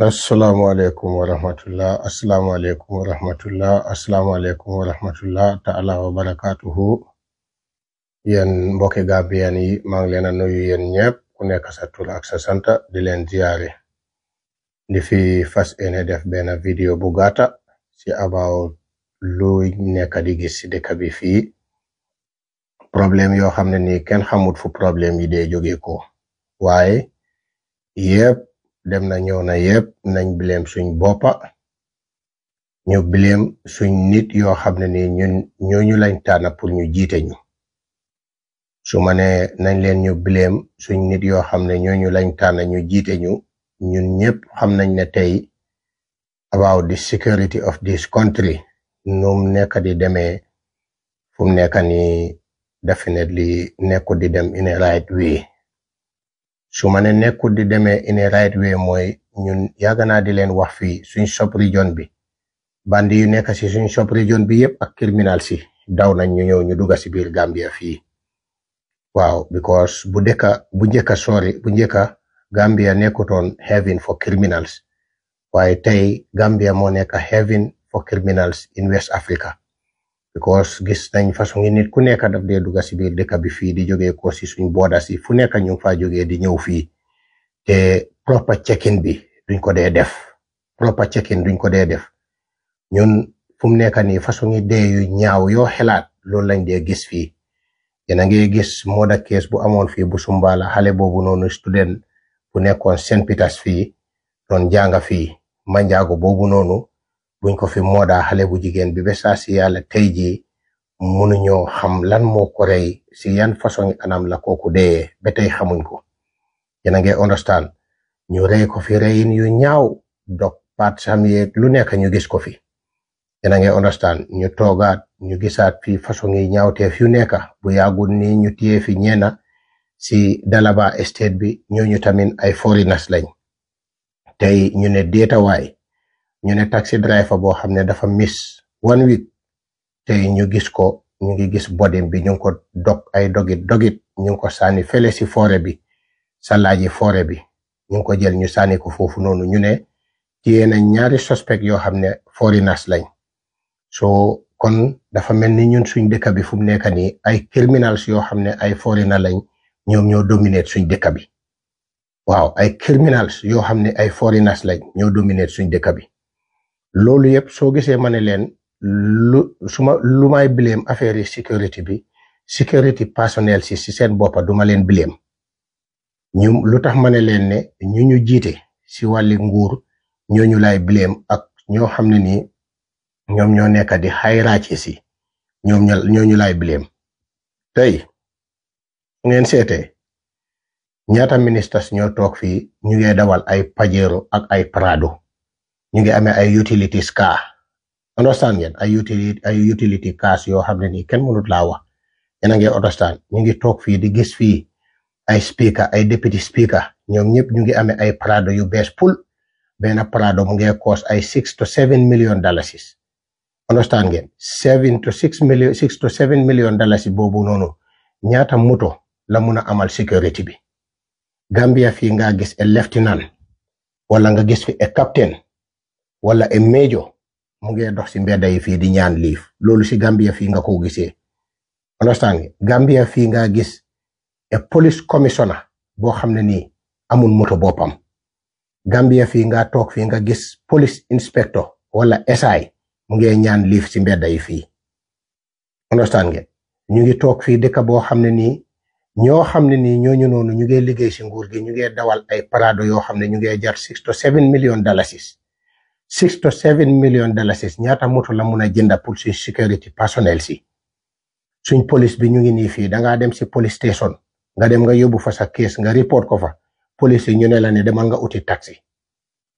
asalaamaaleykum wa rahmatullah asalaamaaleykum wa rahmatullah asalaamaaleykum wa rahmatullah taala wa barakaatuhu yéen mbokki gambien yi maa ngi leen a nuyu yéen ak sa sant di leen ziyaare fi fas ene def benn vidéo bu gàtta ci about lu nekk di gis ci dëkk bi fii problème yoo xam ne nii kenn xamut fu problème yi dee jóge ko waaye dem na ñëw na yëpp nañ bileem suñ boppa ñu bileem suñ nit yoo xam ne ni ñun ñooñu lañ tànn pour ñu jiite ñu su ma ne nañ leen ñu bileem suñ nit yoo xam ne ñooñu lañ tànn ñu jiite ñu ñun ñëpp xam nañ ne tey about the security of this country num nekk di demee fu mu nekk nii definitely nekku di dem in a right way su ma ne nekkul di demee in a mooy ñun yàgg naa di leen wax fii suñ sub region bi bandi yu nekk si suñ sub region bi yëpp ak criminal si daw nañ ñu ñëw ñu si biir Gambia fii waaw because bu dëkk njëkk a sori bu njëkk a Gambia nekkutoon heaven for criminals waaye tey Gambia moo nekk heaven for criminals in West Africa. because gis nañ façon yi nit ku nekk daf dee dugg si bi fii di jógee ko si suñ booda fu nekk ñu faa jógee di ñëw fii te proper check bi duñ ko dee def proper check-in duñ ko dee def ñun fu mu nekk nii façon yi dee yu ñaaw yoo xelaat loolu lañ dee gis fii yéen a ngi gis mooda kees bu amoon fii bu Sumbala xale boobu noonu student bu nekkoon Saint Peters fii doon jàng fii manjaago boobu noonu buñ ko fi moodaa xale bu jigéen bi ba saa si yàlla tey jii mënuñoo xam lan moo ko si yan façon anam la kooku dee ba tey xamuñ ko yéen a ngi understand ñu rey ko fi reyin yu ñaaw dog paat lu nekk ñu gis ko fi yéen a ngi understand ñu toogaat ñu gisaat fi façon yi ñaawteef yu nekk bu yàggul ni ñu téye fi ñeena si Dalaba estate bi ñooñu tamit ay nas lañ tey ñu ne deetawaay ñu ne taxi driver boo xam ne dafa miss one week tey ñu gis ko ñu ngi gis bodim bi ñu ngi ko dog ay dogit dogit ñu ngi ko sànni fele si foore bi salaaji foore bi ñu ngi ko jël ñu sànni ko foofu noonu ñu ne téye na ñaari suspect yoo xam ne foreigners lañ so kon dafa mel ni ñun suñ dëkk bi fu mu nekk nii ay criminals yoo xam ne ay foreigners lañ ñoom ñoo dominate suñ dëkk bi waaw ay criminals yoo xam ne ay foreigners lañ ñoo dominate suñ dëkk bi loolu yëpp soo gisee ma ne leen lu suma ma lu may bileem affaire yi sécurité bi sécurité personnel si si seen boppa duma leen bileem ñu lu tax ma ne leen ne ñu ñu jiite si wàlli nguur ñooñu laay bileem ak ñoo xam ne nii ñoom ñoo nekk di xayraace si ñoom ñooñu laay bileem tey ngeen seete ñaata ministres ñoo toog fii ñu ngey dawal ay Pajero ak ay Prado ñu ngi amee ay utilities car understand ngeen ay utility ay utility cars yoo xam ne nii kenn mënut laa wax yéen a ngi understand ñu ngi toog fii di gis fii ay speaker ay deputy speaker ñoom ñëpp ñu ngi amee ay Prado yu bees pul benn parado mu ngi cost ay six to seven million dalasis understand ngeen seven to six million six to seven boobu noonu ñaata moto la mun a amal sécurité bi Gambia fii nga gis a lieutenant wala nga gis fi a captain wala e meejo mu ngi dox si mbedda yi fii di ñaan liif loolu si Gambia fii nga ko gisee understand Gambia fii nga gis e police commissioner boo xam ne ni amul moto boppam Gambia fii nga toog fii nga gis police inspector wala SI mu ngi ñaan liif si mbedda yi fii understand ngeen ñu ngi toog fi dëkk boo xam ne nii ñoo xam ne nii ñooñu noonu ñu ngi liggéey si nguur gi ñu ngi dawal ay parado yo xam ne ñu ngi jar six to seven million dalasis six to seven million dollars ñaata moto la mun a jënda pour suñ security personnel si suñ police bi ñu ngi nii fii da dem si police station nga dem nga yóbbu fa sa case nga report ko fa police yi ñu ne la ne demal nga uti taxi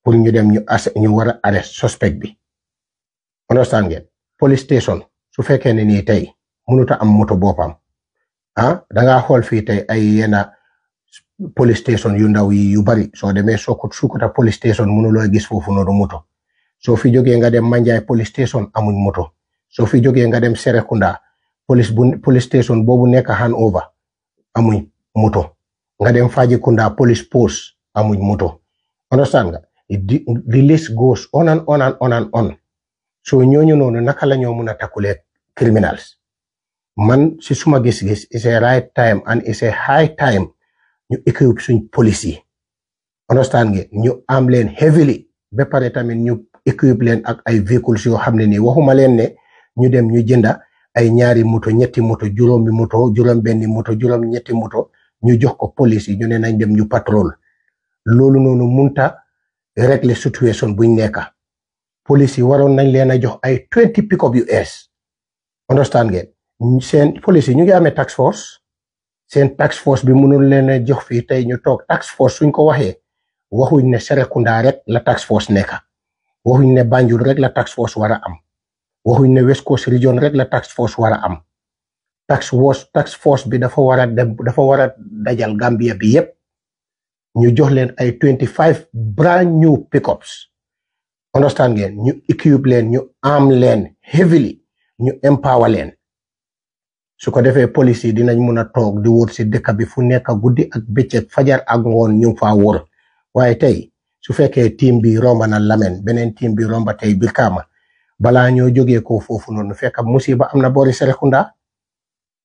pour ñu dem ñu as ñu war a arrest suspect bi understand ngeen police station su fekkee ne nii tey mënut ta am moto boppam ah da ngaa xool fii tey ay yenn police station yu ndaw yi yu bari soo demee Sokot a police station mënuloo gis foofu noonu moto. soo fi jógee nga dem Manjai police station amuñ moto soo fi jógee nga dem Serekunda police bu police station boobu nekk Hanover amuñ moto nga dem Fajikunda police post amuñ moto understand nga the list goes on and on and on and on so ñooñu noonu naka la ñoo mën a takkulee criminals man si suma gis-gis is a right time and is a high time ñu équipe suñ police yi understand nga ñu am leen heavily ba pare tamit ñu équipe leen ak ay véhicules yoo xam ne nii waxuma leen ne ñu dem ñu jënda ay ñaari moto ñetti moto juróomi moto juróom benni moto juróom ñetti moto ñu jox ko police yi ñu ne nañ dem ñu patrol loolu noonu munta régler situation buñ nekka police yi waroon nañ leen a jox ay twenty pick up yu ees understand ngeen seen police ñu ngi amee tax force seen tax force bi mënul leen a jox fii tey ñu toog tax force suñ ko waxee waxuñ ne Serekunda rek la tax force nekka waxuñ ne Banjul rek la task force war a am waxuñ ne West Coast region rek la task force war a am task force bi dafa war a dem dafa war a dajal Gambia bi yépp ñu jox leen ay twenty five brand new pickups understand ngeen ñu équipe leen ñu am leen heavily ñu empower leen su ko defee police yi dinañ mun a toog di wër si dëkk bi fu nekk guddi ak bëccëg fajar ak ngoon ñu fa wër waaye tey su fekkee team bi romba na Lameen beneen team bi romba tey kaama balaa ñoo jógee ko foofu noonu fekk musiba am na boori Serekunda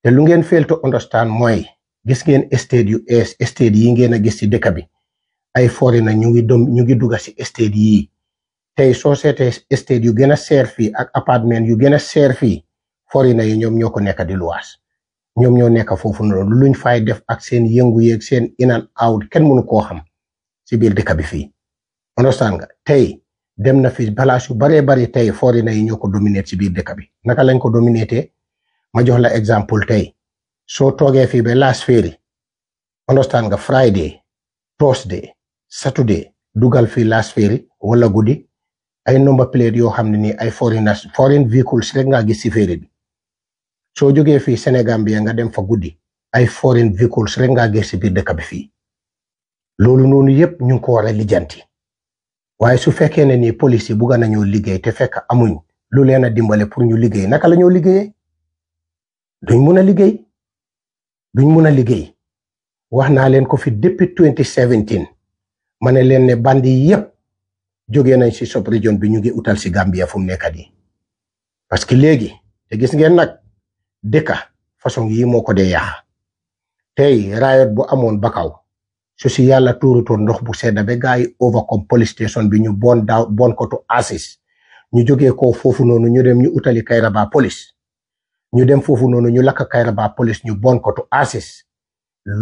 te lu ngeen fail to understand mooy gis ngeen stade yu ees stade yi ngeen a gis ci dëkk bi ay foreigner ñu ngi dom ñu ngi dugga ci stade yii tey soo seetee stade yu gën a seer fii ak appartement yu gën a seer fii foreigner yi ñoom ñoo ko nekk di luwaas ñoom ñoo nekk foofu lu luñ fay def ak seen yëngu yeeg seen in and out kenn mënu koo xam ci biir dëkk bi fii. understand nga tey dem na fi place yu baree bari tey foreigner yi ñoo ko dominé ci biir dëkk bi naka lañ ko dominété ma jox la exemple tey soo toogee fii ba last féeri understand nga Friday Thursday Saturday dugal fii last féeri wala guddi ay number plate yoo xam ne nii ay forin foreign vehicles rek nga gis ci féeri bi soo jógee fii Sénégambia nga dem fa guddi ay foreign vehicles rek nga gis ci biir dëkk bi fii loolu noonu yëpp ñu ngi ko war lijjanti waaye su fekkee ne ni police yi bugg ñëw liggéey te fekk amuñ lu leen a dimbale pour ñu liggéey naka la ñoo liggéeyee duñ mun a liggéey duñ mun a liggéey wax naa leen ko fi depuis 2017 ma ne leen ne bandi yépp jógee nañ si sub région bi ñu ngi utal si Gambia fu mu nekkat yi parce que léegi te gis ngeen nag dëkka façon yi moo ko dee yaa tey rayot bu amoon Bakaw su si yàlla tuurutoon ndox bu sedda ba gars yi over comme police station bi ñu bon daaw bon ko to asis ñu joge ko foofu noonu ñu dem ñu utali Kairaba police ñu dem foofu noonu ñu lakk Kairaba police ñu bon ko to asis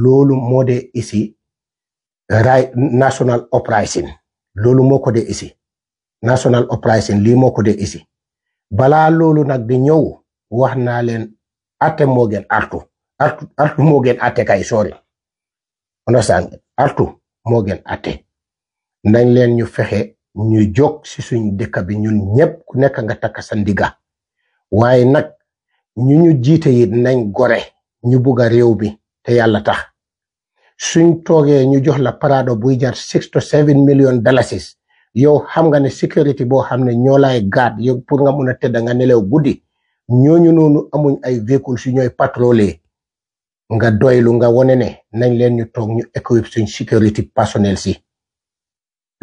loolu moo dee ici ray national uprising loolu moo ko dee ici national uprising lii moo ko de ici balaa loolu nag di ñëw wax naa leen atte moo gën artu artu moo gën atte kay sori understand artu moo gën atte nañ leen ñu fexe ñu jóg si suñ dëkk bi ñun ñëpp ku nekk nga takk sa ndiga waaye nag ñu ñu jiite yi nañ gore ñu bugg a réew bi te yàlla tax suñ toogee ñu jox la parado buy jar six to seven million dalasis yow xam nga ne sécurité boo xam ne ñoo laay gaat yow pour nga mun a tëdd nga nelew guddi ñu noonu amuñ ay véhicule si ñooy patrouiller nga doylu nga wone ne nañ leen ñu toog ñu équipe suñ sécurité personnel si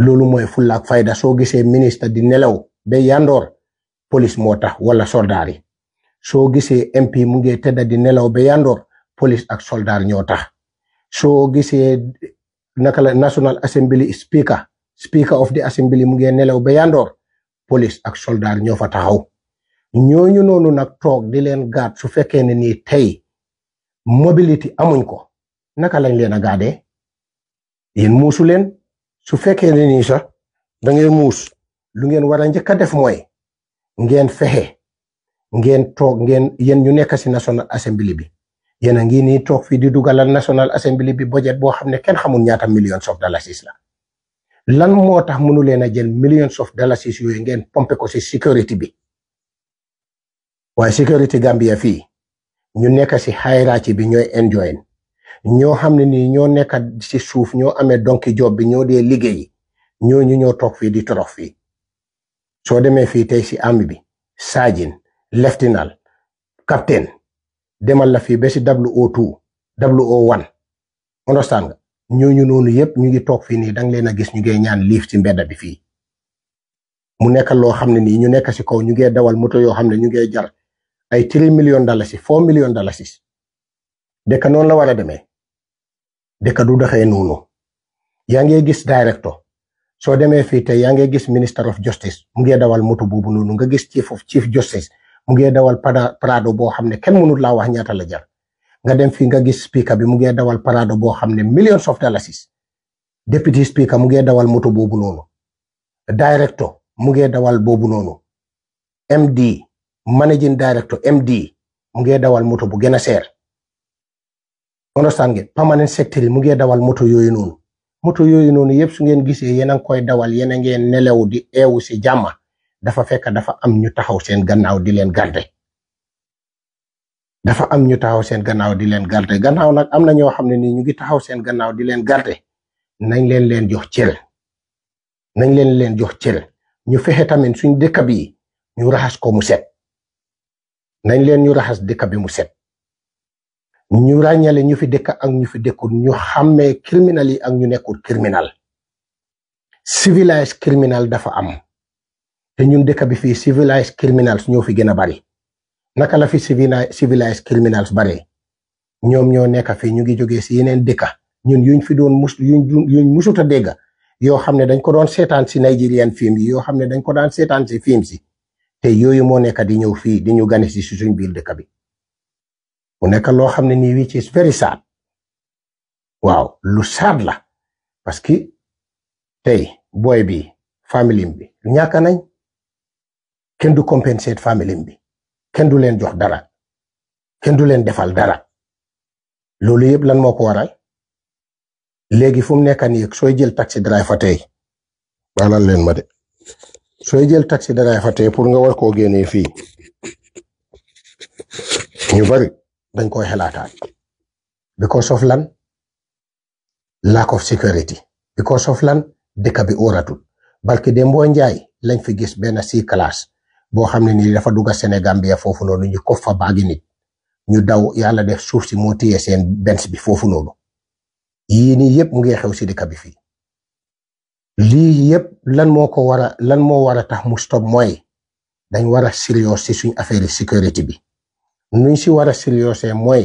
loolu mooy fulla fayda soo gisee ministre di nelaw ba yandoor police moo tax wala soldaar soo gisee MP mu ngi tëdda di nelaw ba yandoor police ak soldaar ñoo tax soo gisee naka la National Assembly speaker speaker of the assembly mu ngi nelaw ba yandoor police ak soldaar ñoo fa taxaw ñooñu noonu nag toog di leen gaat su fekkee ne nii tey mobility amuñ ko naka lañ leen a gaadee yéen muusu leen su fekkee ne nii sax da muus lu ngeen war a njëkk a def mooy ngeen fexe ngeen toog ngeen yéen ñu nekk si national assembly bi yéen a ngi nii toog fii di dugalal national assembly bi budget boo xam ne kenn xamul ñaata millions of dollars la lan moo tax mënu leen a jël millions of dollars yooyu ngeen pompe ko si sécurité bi waaye sécurité Gambia fii. ñu nekk si hiérarchie bi ñooy enjoy ñoo xam ne nii ñoo nekk si suuf ñoo amee donki joob bi ñoo dee liggéey ñu ñoo toog fii di torox fii soo demee fii tey si army bi saajin leftinal capitaine demal la fii ba si WO2 WO1 understand nga ñooñu noonu yëpp ñu ngi toog fii nii danga leen a gis ñu ngi ñaan liif ci mbedda bi fii mu nekk loo xam ne nii ñu nekk si kaw ñu ngi dawal moto yoo xam ne ñu ngi jar ay 3 million dalasi 4 million dalasi dëkk noonu la war a demee dëkk du doxee noonu yaa ngi gis directeur soo demee fii tey yaa ngi gis minister of justice mu ngi dawal moto boobu noonu nga gis chief of chief justice mu ngi dawal parado boo xam ne kenn mënut laa wax ñaata la jar nga dem fii nga gis speaker bi mu ngi dawal parado boo xam ne millions of dollars deputy speaker mu ngi dawal moto boobu noonu directeur mu ngi dawal boobu noonu MD. managing director MD mu ngi dawal moto bu gën a seer understand ngeen permanent secretary mu ngi dawal moto yooyu noonu moto yooyu noonu yëpp su ngeen gisee yéen a ngi koy dawal yéen ngeen nelew di ewu si jàmm dafa fekk dafa am ñu taxaw seen gannaaw di leen garde dafa am ñu taxaw seen gannaaw di leen garde gannaaw nag am na ñoo xam ne nii ñu ngi taxaw seen gannaaw di leen garde nañ leen leen jox cër nañ leen leen jox cër ñu fexe tamit suñ dëkk bi ñu raxas ko mu set nañ leen ñu raxas dëkk bi mu set ñu ràññale ñu fi dëkk ak ñu fi dëkkul ñu xàmmee criminal yi ak ñu nekkul criminal civilized criminal dafa am te ñun dëkk bi fii civilized criminals ñoo fi gën a bari naka la fi civilized criminals bare ñoom ñoo nekk fii ñu ngi jógee si yeneen dëkk ñun yuñ fi doon mus yuñ musut a dégg yoo xam ne dañ ko doon seetaan si Nigerian film yi yoo xam ne dañ ko daan seetaan si film si. tey yooyu moo nekk di ñëw fii di ñu gane si suñ biir dëkk bi mu nekk loo xam ne nii which is very sad waaw lu sad la parce que tey boy bi famille bi lu ñàkk nañ kenn du compensate famille bi kenn du leen jox dara kenn du leen defal dara loolu yëpp lan moo ko waral léegi fu mu nekk nii sooy jël taxi driver tey baalal leen ma de. sooy jël taxi dangay fàtte pour nga war koo génnee fii ñu bari dañ koy xelaataat because of lan lack of security because of lan dëkk bi óoratul barki de mboo njaay lañ fi gis benn si classe boo xam ne nii dafa dugga Sénégambia foofu noonu ñu ko fa baagi nit ñu daw yàlla def suuf si moo téye seen benn bi foofu noonu yii nii yëpp mu ngi xew si dëkk bi fii lii yëpp lan moo ko war a lan moo war a tax mu stop mooy dañ war a sérieux si suñ affaire sécurité bi nuñ si war a sérieux mooy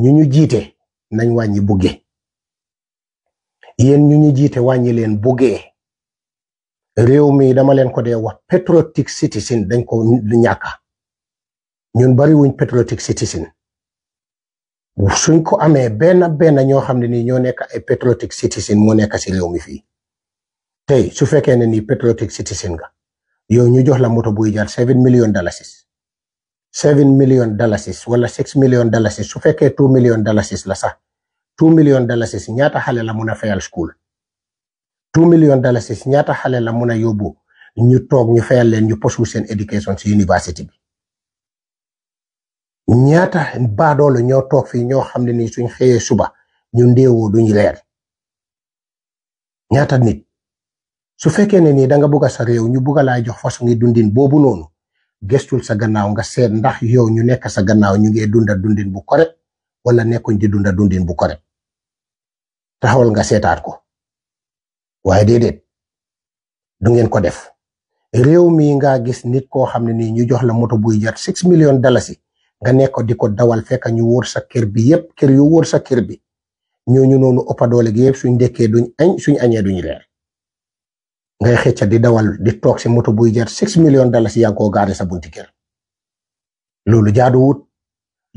ñu ñu jiite nañ wàññi buggee yéen ñu ñu jiite wàññi leen buggee réew mi dama leen ko dee wax patriotic citizen dañ ko ñàkk ñun bari wuñ patriotic citizen suñ ko amee benn benn ñoo xam ne nii ñoo nekk ay patriotic citizen moo nekk si réew mi fii tey su fekkee ne ni patriotic citizen nga yow ñu jox la moto buy jar seven million dalasis seven million dalasis wala six million dalasis su fekkee two million dalasis la sax two million dalasis ñaata xale la mun a fayal school two million dalasis ñaata xale la mun a yóbbu ñu toog ñu fayal leen ñu posu seen éducation si université bi ñaata baadoolu ñoo toog fii ñoo xam ne nii suñ xëyee suba ñu ndéewoo duñu leer ñaata nit su fekkee ne nii da nga bugg a sa réew ñu bugg a laa jox façon ngi dundin boobu noonu gestul sa gannaaw nga seet ndax yow ñu nekk sa gannaaw ñu ngi dunda dundin bu correct wala nekkuñ di dunda dundin bu correct taxawal nga seetaat ko waaye déedéet du ngeen ko def réew mi nga gis nit koo xam ne nii ñu jox la moto buy jar six million dalasi nga nekko di ko dawal fekk ñu wóor sa kër bi yëpp kër yu wóor sa kër bi ñooñu noonu ëpp doole gi yëpp suñ dekkee duñ añ suñ añee duñ reer ngay xëcca di dawal di toog si moto buy jar six millions dalasi yaa ngi koo gaare sa bunti kër loolu jaaduwut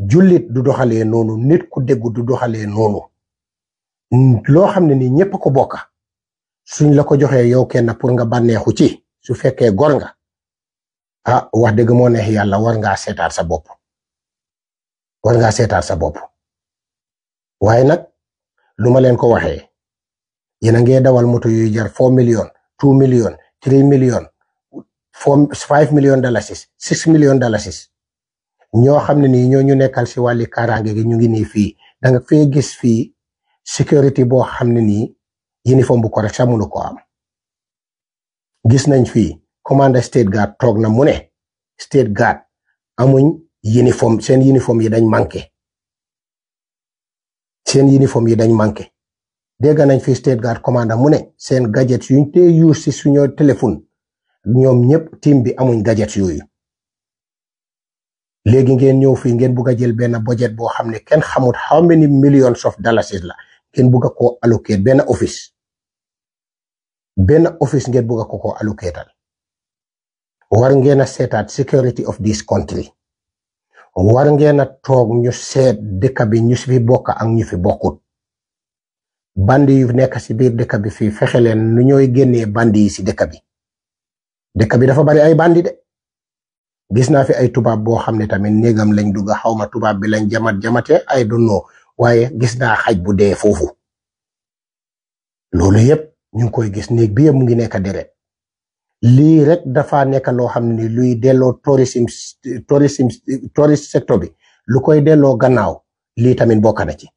jullit du doxalee noonu nit ku déggu du doxalee noonu loo xam ne ni ñëpp ko bokka suñ la ko joxee yow kenn pour nga bànneexu ci su fekkee gor nga ah wax dëgg moo neex yàlla war ngaa seetaat sa bopp war ngaa seetaat sa bopp waaye nag lu ma leen ko waxee yéen a ngee dawal moto yuy jar four millions two million three million four five million dalasis six million dalasis ñoo xam ne nii ñoo ñu nekkal si wàlli kaaraange gi ñu ngi nii fii da nga fee gis fii sécurité boo xam ne nii uniforme bu ko rek sax ko am gis nañ fii commander state guard toog na mu ne state guard amuñ uniforme seen uniforme yi dañ manqué seen uniforme yi dañ manqué dégg nañ fi state guard commander mu ne seen gadgets yuñ te use si suñoo téléphone ñoom ñëpp tiim bi amuñ gadgets yooyu léegi ngeen ñëw fii ngeen bugg a jël benn bojet boo xam ne kenn xamut how many millions of dollars la ngeen bugg a koo allocate benn office benn office ngeen bugg a ko koo war ngeen a seetaat security of this country war ngeen a toog ñu seet dëkk bi ñu fi bokk ak ñu fi bokkut bandi yu nekk si biir dëkk bi fii fexe leen nu ñooy génnee bandi yi si dëkk bi dëkk bi dafa bari ay bandi de gis naa fi ay tubaab boo xam ne tamit néegam lañ dugg xaw ma tubaab bi lañ jamat jamate ay dunoo waaye gis naa xaj bu dee foofu loolu yëpp ñu ngi koy gis néeg bi yëpp mu ngi nekk deret lii rek dafa nekk loo xam ne luy delloo tourisme tourisme touriste bi lu koy delloo gannaaw lii tamit bokk na ci.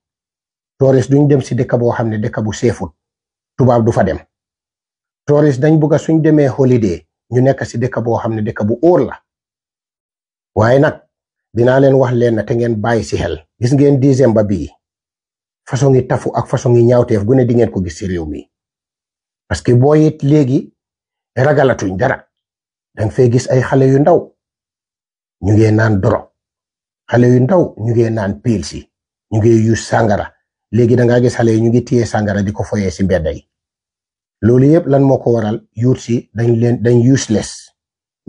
touristes duñ dem si dëkk boo xam ne dëkk bu seefut tubaab du fa dem touristes dañ bugg a suñ demee holiday ñu nekk si dëkk boo xam ne dëkk bu óor la waaye nag dinaa leen wax leen na te ngeen bàyyi si xel gis ngeen décembre bii façon yi tafu ak façon yi ñaawteef gu ne di ngeen ko gis si réew mi parce que boo it léegi ragalatuñ dara danga fay gis ay xale yu ndaw ñu ngee naan doro xale yu ndaw ñu ngee naan piil si ñu ngee yu sàngara léegi da ngaa gis xale yi ñu ngi téye sàngara di ko foyee si mbedda loolu yëpp lan moo ko waral youth si dañ leen dañ useless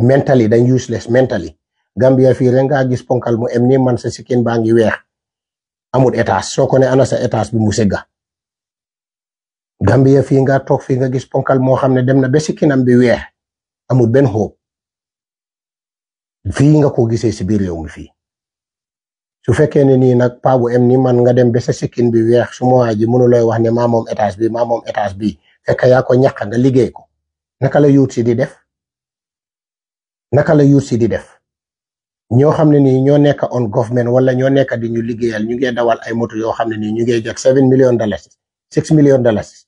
mentally dañ useless mentally Gambia fii rek ngaa gis ponkal mu em ni man si sikkin baa ngi weex amul étage soo ko ne ana sa étage bi mu segga Gambia fii nga toog fii nga gis ponkal moo xam ne dem na ba sikkinam bi weex amul benn xóob fii nga ko gisee si biir réew mi fii su fekkee ne nii nag paa bu em ni man nga dem ba sa sikkin bi weex su ma ji mënu lay wax ne maa moom étage bi maa moom étage bi fekk yaa ko ñàkk nga liggéey ko naka la yuut si di def naka la yuut si di def ñoo xam ne nii ñoo nekk on government wala ñoo nekk di ñu liggéeyal ñu ngi dawal ay moto yoo xam ne nii ñu ngi jot seven million dollars six million dollars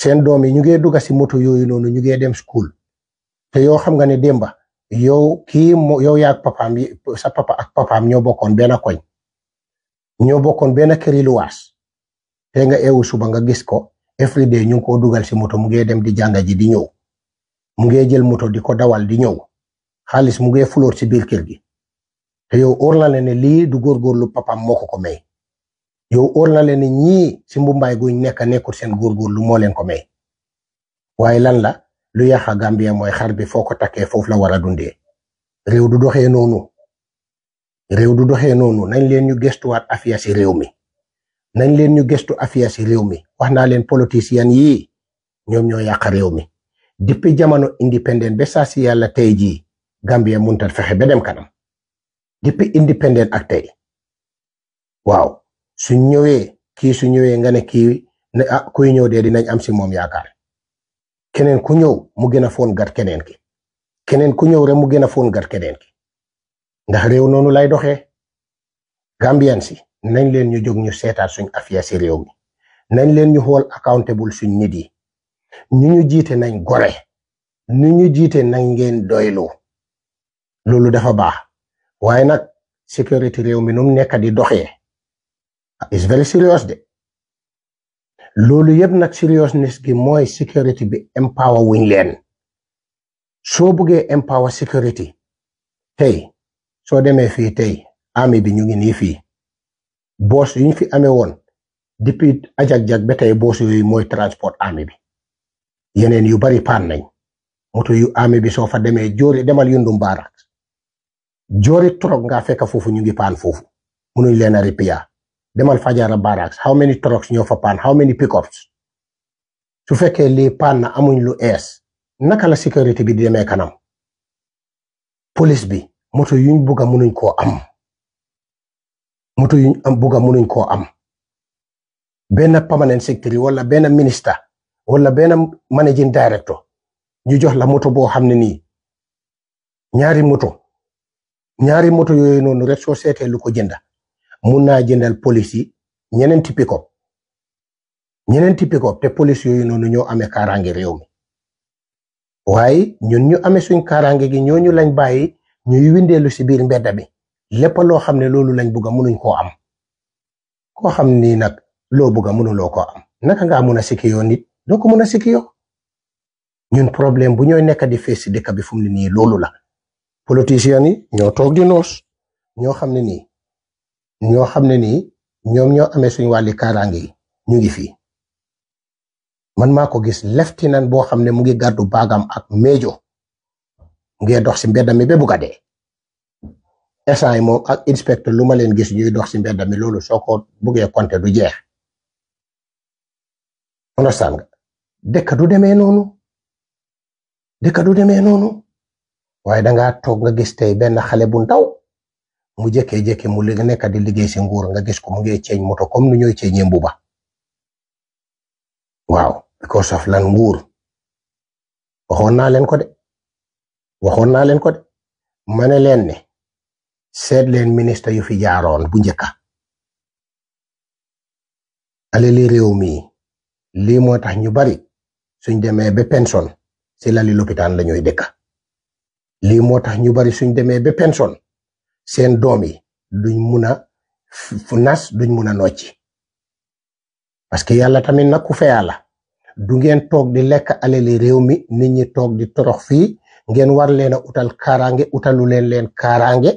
seen doom yi ñu ngi dugg si moto yooyu noonu ñu ngi dem school te yoo xam nga ne démba yow kii moo yow yaa ak papaam sa papa ak papaam ñoo bokkoon benn koñ ñoo bokkoon benn këri luwaas te nga eewu suba nga gis ko every day ñu ngi ko dugal si moto mu ngi dem di jànga ji di ñëw mu ngi jël moto di ko dawal di ñëw xaalis mu ngi fuloor si biir kër gi te yow óor na leen ne lii du góorgóorlu papaam moo ko ko may yow óor na leen ne ñii si mbumbaay guñ nekk nekkul seen góorgóorlu moo leen ko may waaye lan la lu yàq Gambia mooy xar bi foo ko takkee foofu la war a dundee réew du doxee noonu réew du doxee noonu nañ leen ñu gëstuwaat affaire si réew mi nañ leen ñu gëstu affaire si réew mi wax naa leen politiciens yii ñoom ñoo yàq réew mi depuis jamono indépendant ba saa si yàlla tey jii Gambia mënut a fexe ba dem kanam depuis indépendant ak tey waaw su ñëwee kii su ñëwee nga ne kii ne ah kuy ñëw dee dinañ am si moom yaakaar. keneen ku ñëw mu gën a foon gat keneen ki keneen ku ñëw rek mu gën a foon gat keneen ki ndax réew noonu lay doxee Gambian si nañ leen ñu jóg ñu seetaat suñ affaire si réew mi nañ leen ñu xool accountable suñ nit yi ñu ñu jiite nañ gore nu ñu jiite nañ ngeen doyloo loolu dafa baax waaye nag sécurité réew mi nu mu nekk di doxee is very serious de loolu yëpp nag seriousness gi mooy sécurité bi empower wuñ leen soo bëggee empower sécurité tey soo demee fii tey armée bi ñu ngi nii fii boos yuñ fi amewoon woon depuis ajag ba tey boos yooyu mooy transport armée bi yeneen yu bari paan nañ moto yu armée bi soo fa demee joori demal yundum baarak joori trop nga fekk foofu ñu ngi paan foofu munuñ leen a repair demal Fajara barracks how many trucks ñoo fa paan how many pickups su fekkee lii paan na amuñ lu ees naka la sécurité bi di demee kanam police bi moto yuñ bugg a munuñ koo am moto yuñ am bugg a munuñ koo am benn permanent secretary wala benn minister wala benn managing director ñu jox la moto boo xam ne nii ñaari moto ñaari moto yooyu noonu rek soo seetee lu ko jënda mun naa jëndal police yi ñeneenti pick-up ñeneenti pick te police yooyu noonu ñoo amee kaaraange réew mi waaye ñun ñu amee suñ kaaraange gi ñooñu lañ bàyyi ñuy windeelu si biir mbedda bi lépp loo xam ne loolu lañ bugg a munuñ koo am koo xam ni nag loo bugg a munuloo koo am naka nga mun a sikki yoo nit doo ko mun a sikki yoo ñun problème bu ñooy nekk di fees si dëkk bi fu mu nii loolu la politiciens ñoo toog di noos ñoo xam ne nii ñoo xam ne nii ñoom ñoo amee suñu wàlli kaaraange yi ñu ngi fi man maa ko gis leftinan boo xam ne mu ngi gàddu baagam ak méjo ngee dox si mbedd mi ba bu gadee moom ak inspecteur lu ma leen gis ñuy dox si mbedd mi loolu soo ko buggee compter du jeex understand nga dëkk du demee noonu dëkk du demee noonu waaye danga toog nga gis tey benn xale bu ndaw mu jékkee-jékke mu nekk di liggéey si nguur nga gis ko mu ngi ceeñ moto comme ni ñooy ceeñee mbuba waaw because of lan nguur waxoon naa leen ko de waxoon naa leen ko de ma ne leen ne seet leen ministre yu fi jaaroon bu njëkka alali réew mi lii moo tax ñu bari suñ demee ba pension si lali lopitaan la ñuy dëkka lii moo tax ñu bari suñ demee ba pension seen doom yi duñ mun a nas duñ mun a nocci parce que yàlla tamit nag ku feyaa la du ngeen toog di lekk alali réew mi nit ñi toog di torox fii ngeen war leen a utal karaange utalu leen leen kaaraange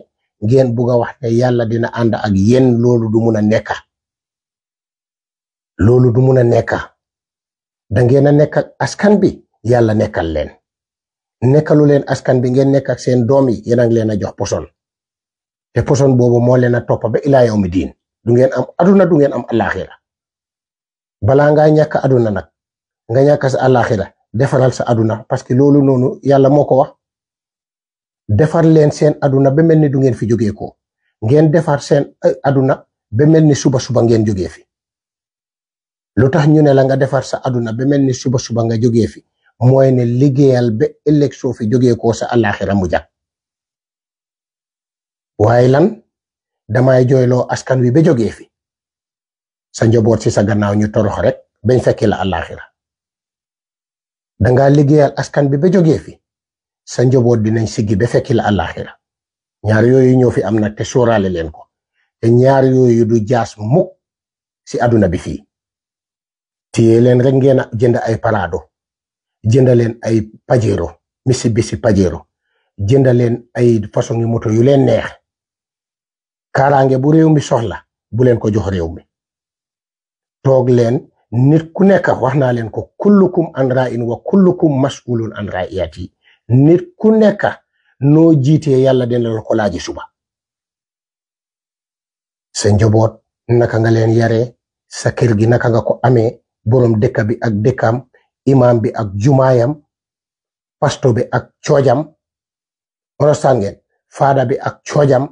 ngeen bugg a wax ne yàlla dina ànd ak yéen loolu du mun a nekka loolu du mun a nekka da ngeen a nekk ak askan bi yàlla nekkal leen nekkalu leen askan bi ngeen nekk ak seen doom yi yéen a leen a jox posol te poson boobu moo leen a topp ba ilaa yawmi diin du ngeen am aduna du ngeen am alaxira balaa ngaa ñàkk aduna nag nga ñàkk sa alaxira defaral sa aduna parce que loolu noonu yàlla moo ko wax defar leen seen aduna ba mel ni du ngeen fi jógee ko ngeen defar seen eh, aduna ba mel ni suba suba ngeen jógee fi lu tax ñu ne la nga defar sa aduna ba mel ni suba suba nga jógee fi mooy ne liggéeyal ba ëllëg soo fi jógee ko sa alaxira mu jàkk waaye lan damay jooyloo askan wi ba jógee fi sa njoboot si sa gannaaw ñu torox rek bañ fekki la àllaaxira danga liggéeyal askan bi ba jógee fi sa njoboot bi dinañ siggi ba fekki la àllaaxira ñaar yooyu ñoo fi am na te sooraale leen ko te ñaar yooyu du jaas mukk si àdduna bi fii téye leen rek ngeen a jënd ay parado jënda leen ay pajero misi bisi pajero jënda leen ay façon moto yu leen neex kaaraange bu réew mi soxla bu leen ko jox réew mi toog leen nit ku nekk naa leen ko kullukum an ra'in wa kullukum mas'ulun an ra'iyati nit ku nekk noo jiite yàlla dina la ko laaji suba sa njaboot naka nga leen yare sa kër gi naka nga ko ame borom dëkk bi ak dëkkam imam bi ak jumaayam pasto bi ak coojam understand faada bi ak coojam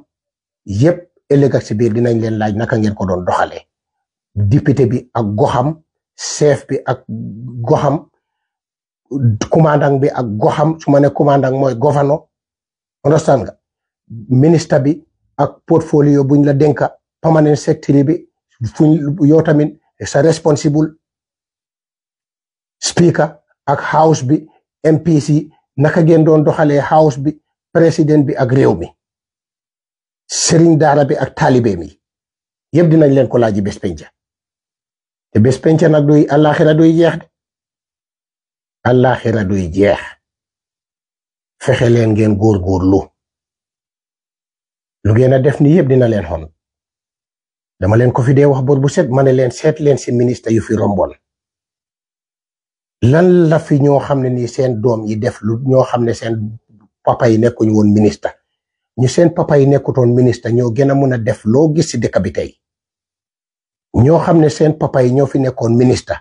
yépp ëllëg ak si biir dinañ leen laaj naka ngeen ko doon doxalee député bi ak goxam chef bi ak goxam commandant bi ak goxam su ma ne commandant mooy gouverneur understand nga ministre bi ak portfolio buñ la dénka permanent secretary bi fuñ yow tamit sa responsible speaker ak house bi MPC naka ngeen doon doxalee house bi président bi ak réew mi sëriñ daara bi ak taalibeem yi yëpp dinañ leen ko laaji bés penca te bés penca nag duy àllaaxira duy jeex de àllaaxira duy jeex fexe leen ngeen góorgóorlu lu ngeen a def ni yëpp dina leen xon dama leen ko fi dee wax bor bu set ma ne leen seet leen si ministre yu fi romboon lan la fi ñoo xam ne nii seen doom yi def lu ñoo xam ne seen papa yi nekkuñu woon ministre ñu seen papa yi nekkutoon ministre ñoo gën a mun a def loo gis si dëkk bi tey ñoo xam ne seen papa yi ñoo fi nekkoon ministre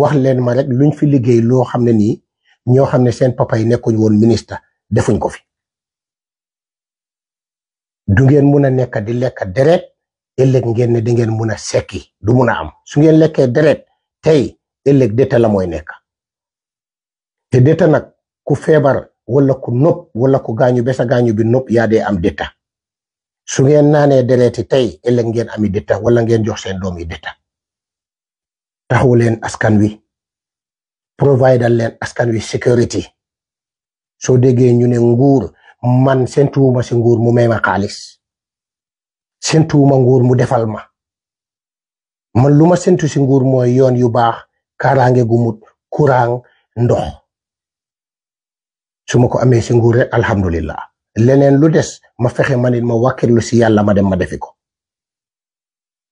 wax leen ma rek luñ fi liggéey loo xam ne nii ñoo xam ne seen papa yi nekkuñ woon ministre defuñ ko fi du ngeen mun a nekk di lekk deret ëllëg ngeen ne di ngeen mun a sekki du mun a am su ngeen lekkee deret tey ëllëg deta la mooy nekk te deta nag ku feebar wala ku nopp wala ku gaañu besa gaañu bi nopp yaa dee am dëtta su ngeen naanee dereeti tey ëllëg ngeen ami dëtta wala ngeen jox seen doom yi dëtta leen askan wi provider leen askan wi sécurité soo déggee ñu ne nguur man seen tuuma si nguur mu may ma xaalis seen tuuma nguur mu defal ma man lu ma sentu si nguur mooy yoon yu baax kaaraange gu mut kurang ndox su ma ko amee si nguur rek alhamdulillah leneen lu des ma fexe ma nit ma wàkkirlu si yàlla ma dem ma defi ko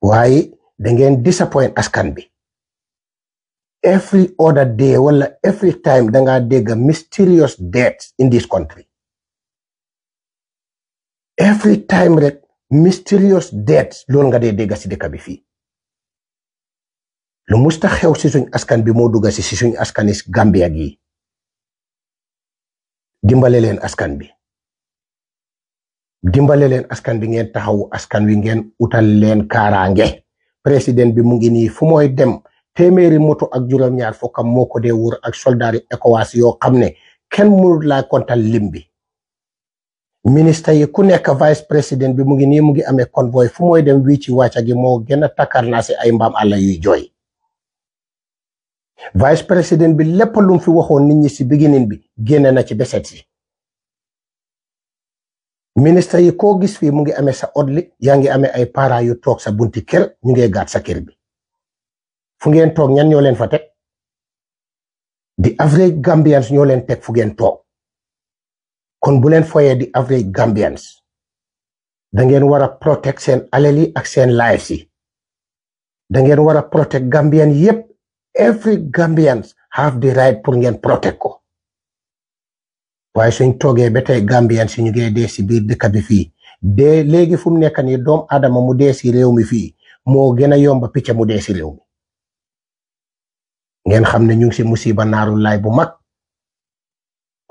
waaye dangeen ngeen disappoint askan bi every other day wala every time da ngaa dégg mysterious death in this country every time rek mysterious death loolu nga dee dégg si dëkk bi fii lu musta xew si suñ askan bi moo dugg si si suñ askan is Gambia gi dimbale leen askan bi dimbale leen askan bi ngeen taxawu askan wi ngeen utal leen kaaraange président bi mu ngi nii fu mooy dem téeméeri moto ak juróom-ñaar fokkam moo ko dee wër ak soldaari ECOWAS yoo xam ne kenn mënut laa kontal lim bi ministre yi ku nekk vice président bi mu ngi nii mu ngi amee convoy fu moy dem wii ci wàcca gi moo gën a takkar naa si ay mbaam àlla yuy jooy vice président bi lépp lum mu fi waxoon nit ñi si beginning bi génne na ci beset yi ministre yi koo gis fii mu ngi amee sa odli yaa ngi amee ay para yu toog sa bunti kër ñu ngi gaat sa kër bi fu ngeen toog ñan ñoo leen fa teg di average Gambians ñoo leen teg fu ngeen toog kon bu leen foyee di average Gambians da ngeen war a protect seen alal yi ak seen lives yi da ngeen war a protect Gambian yépp every Gambians have the right pour ngeen protect ko waaye suñ toogee ba tey Gambians yi ñu ngi dee si biir dëkk bi fii dee léegi fu mu nekk nii doom adama mu dee si réew mi fii moo gën a yomba picc mu dee si réew mi ngeen xam ne ñu ngi si musiba naaru laay bu mag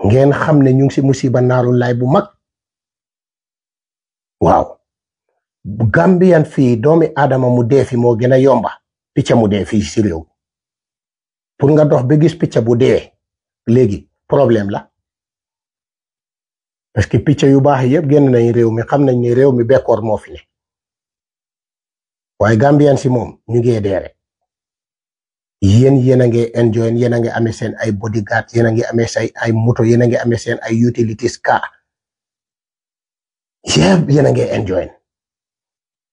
ngeen xam ne ñu ngi si musiba naaru laay bu mag waaw Gambian fii doomi adama mu dee fi moo gën a yomba picc mu dee fii si réew pour nga dox ba gis picc bu deewee léegi problème la parce que picc yu baax yëpp génn nañ réew mi xam nañ ni réew mi bekkoor moo fi ne waaye Gambien si moom ñu ngi dee rek yéen yéen a ngi enjoy yéen a ngi amee seen ay bodyguard yéen a ngi amee say ay moto yéen a ngi amee seen ay utilities kaa yëpp yéen a ngi enjoy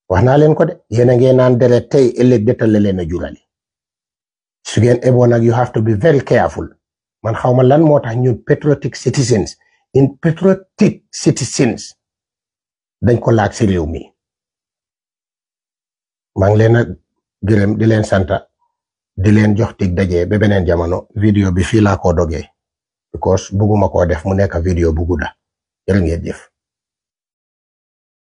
wax naa leen ko de yéen a ngi naan deret tey ëllëg dëtale leen a jurali su ngeen eboo nag you have to be very careful man xawma lan moo tax ñun patriotic citizens in patriotic citizens dañ ko laaj si réew mi maa ngi leen a gërëm di leen santa di leen jox tig daje ba beneen jamono vidéo bi fii laa ko dogee because bugguma koo def mu nekk vidéo bu gudda jërë ngeen jëf